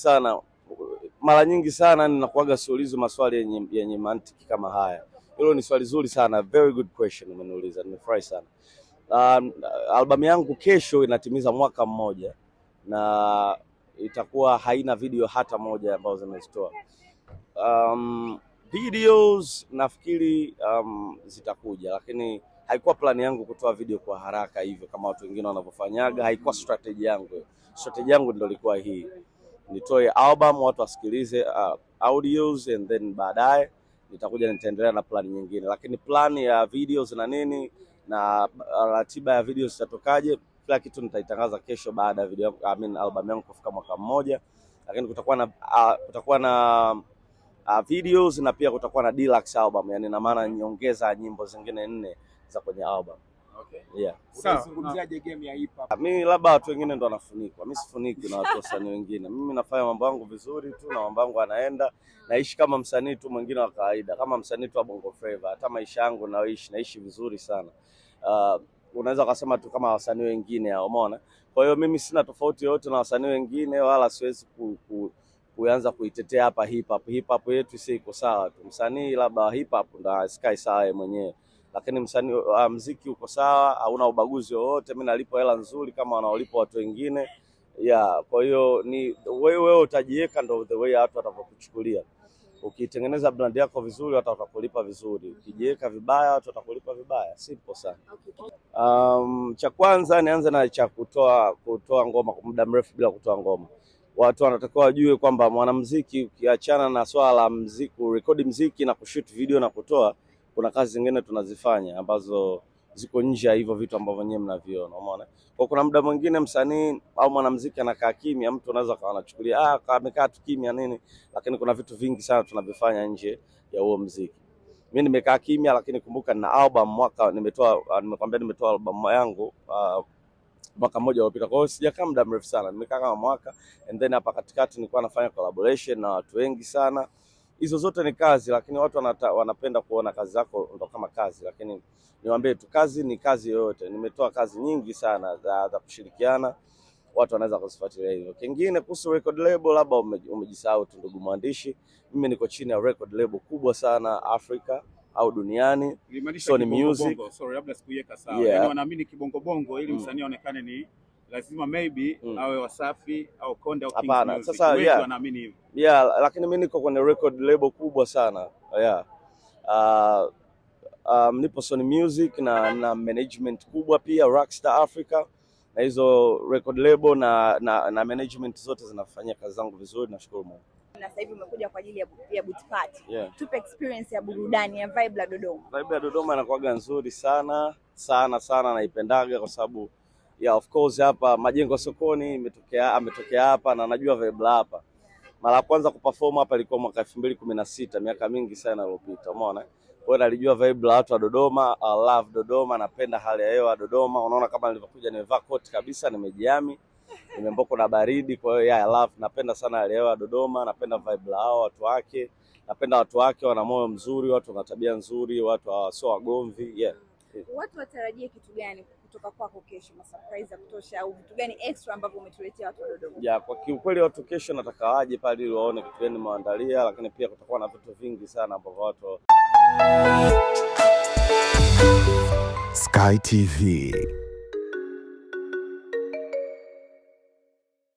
sana mara nyingi sana ninakuaga siulizi maswali yenye, yenye mantiki kama haya. Hilo ni swali zuri sana, very good question umeniuliza, nimefurahi sana. Um, albamu yangu kesho inatimiza mwaka mmoja na itakuwa haina video hata moja ambazo zimezitoa. Um, videos nafikiri um, zitakuja, lakini haikuwa plani yangu kutoa video kwa haraka hivyo kama watu wengine wanavyofanyaga, haikuwa strategy yangu. Strategy yangu ndio ilikuwa hii nitoe album watu wasikilize uh, audios and then baadaye nitakuja nitaendelea na plani nyingine, lakini plani ya videos na nini na uh, ratiba ya videos zitatokaje, kila kitu nitaitangaza kesho baada ya video I mean, album yangu kufika mwaka mmoja, lakini kutakuwa na uh, kutakuwa na uh, videos na pia kutakuwa na deluxe album, yani na maana nyongeza nyimbo zingine nne za kwenye album. Okay. Yeah. Unazungumziaje game ya hip hop? Mimi labda watu wengine ndo wanafunikwa, mimi sifuniki na watu wasanii wengine. Mimi nafanya mambo yangu vizuri tu na mambo yangu anaenda, naishi kama msanii tu mwingine wa kawaida, kama msanii tu wa Bongo Flava. Hata maisha yangu naishi, naishi vizuri sana. Uh, unaweza ukasema tu kama wasanii wengine hao, umeona. Kwa hiyo mimi sina tofauti yoyote na wasanii wengine, wala siwezi ku, ku, kuanza kuitetea hapa hip hop. Hip hop yetu si iko sawa tu, msanii labda hip hop ndo askai sawa yeye mwenyewe lakini msani, uh, ah, mziki uko sawa, hauna ubaguzi wowote. Mimi nalipo hela nzuri kama wanaolipa watu wengine yeah. Kwa hiyo ni wewe utajiweka, ndo the way watu watakuchukulia. Ukitengeneza brand yako vizuri, watu watakulipa vizuri. Ukijiweka vibaya, watu watakulipa vibaya. Simple sana. Um, cha kwanza nianze na cha kutoa kutoa ngoma kwa muda mrefu bila kutoa ngoma watu wanatakiwa wajue kwamba mwanamuziki, ukiachana na swala la muziki, kurekodi muziki na kushoot video na kutoa kuna kazi zingine tunazifanya ambazo ziko nje ya hivyo vitu ambavyo nyinyi mnaviona, umeona. Kwa kuna muda mwingine msanii au mwanamuziki anakaa kimya, mtu anaweza kawa anachukulia ah, amekaa tu kimya nini, lakini kuna vitu vingi sana tunavifanya nje ya huo muziki. Mimi nimekaa kimya, lakini kumbuka na album mwaka nimetoa, ah, nimekwambia nimetoa album yangu uh, mwaka mmoja uliopita. Kwa hiyo sijakaa muda mrefu sana, nimekaa kama mwaka, and then hapa katikati nilikuwa nafanya collaboration na watu wengi sana hizo zote ni kazi, lakini watu wanata, wanapenda kuona kazi zako ndo kama kazi, lakini niwaambie tu kazi ni kazi yoyote. Nimetoa kazi nyingi sana za, za kushirikiana, watu wanaweza kuzifuatilia hivyo. Kingine kuhusu record label, labda umejisahau tu ndugu mwandishi, mimi niko chini ya record label kubwa sana Afrika au duniani Sony Music. Sorry, labda sikuiweka sawa. Yeah. Yaani wanaamini kibongo bongo ili mm. msanii aonekane ni lazima maybe mm. awe Wasafi au Konde au King Music. Sasa yeah. wanaamini hivyo yeah, lakini mimi niko kwenye record label kubwa sana yeah. Uh, um, nipo Sony Music na na management kubwa pia Rockstar Africa na hizo record label na, na, na management zote zinafanyia kazi zangu vizuri, nashukuru Mungu. Na sasa hivi umekuja kwa ajili ya, ya boot party yeah. Tupe experience ya burudani ya vibe la Dodoma. Vibe ya Dodoma inakuwaga nzuri sana sana sana, naipendaga kwa sababu yeah, of course hapa majengo sokoni imetokea ametokea hapa na najua vibe hapa. Mara ya kwanza kuperform hapa ilikuwa mwaka 2016 miaka mingi sana iliyopita, umeona. Kwa hiyo nalijua vibe la watu wa Dodoma. I love Dodoma, napenda hali ya hewa Dodoma. Unaona kama nilivyokuja nimevaa koti kabisa, nimejiami, nimemboko na baridi. Kwa hiyo yeah, I love, napenda sana hali ya hewa Dodoma, napenda vibe la hao watu wake, napenda watu wake, wana moyo mzuri, watu wana tabia nzuri, watu sio wagomvi. Yeah. Watu watarajie kitu gani? kutoka kwako kesho, ma surprise ya kutosha au vitu gani extra ambavyo umetuletea watu wa Dodoma? Yeah, kwa kiukweli watu kesho nataka waje pale ili waone kitu gani nimeandalia, lakini pia kutakuwa na vitu vingi sana ambavyo watu Sky TV